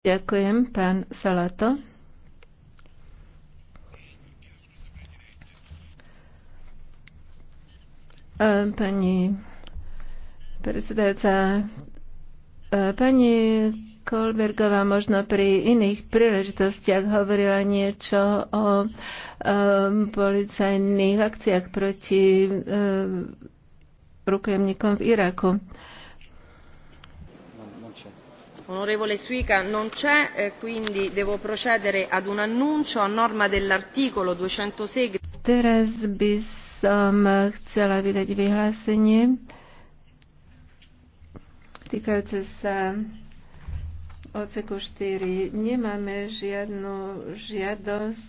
Ďakujem, pán Salato. Pani predsedajúca, pani Kolbergová možno pri iných príležitostiach hovorila niečo o policajných akciách proti rukojemníkom v Iraku onorevole uica non c'è eh, quindi devo procedere ad un annuncio a norma dell'articolo duecentosei eh, týkajúce sa 4. Nemáme žiadnu žiadosť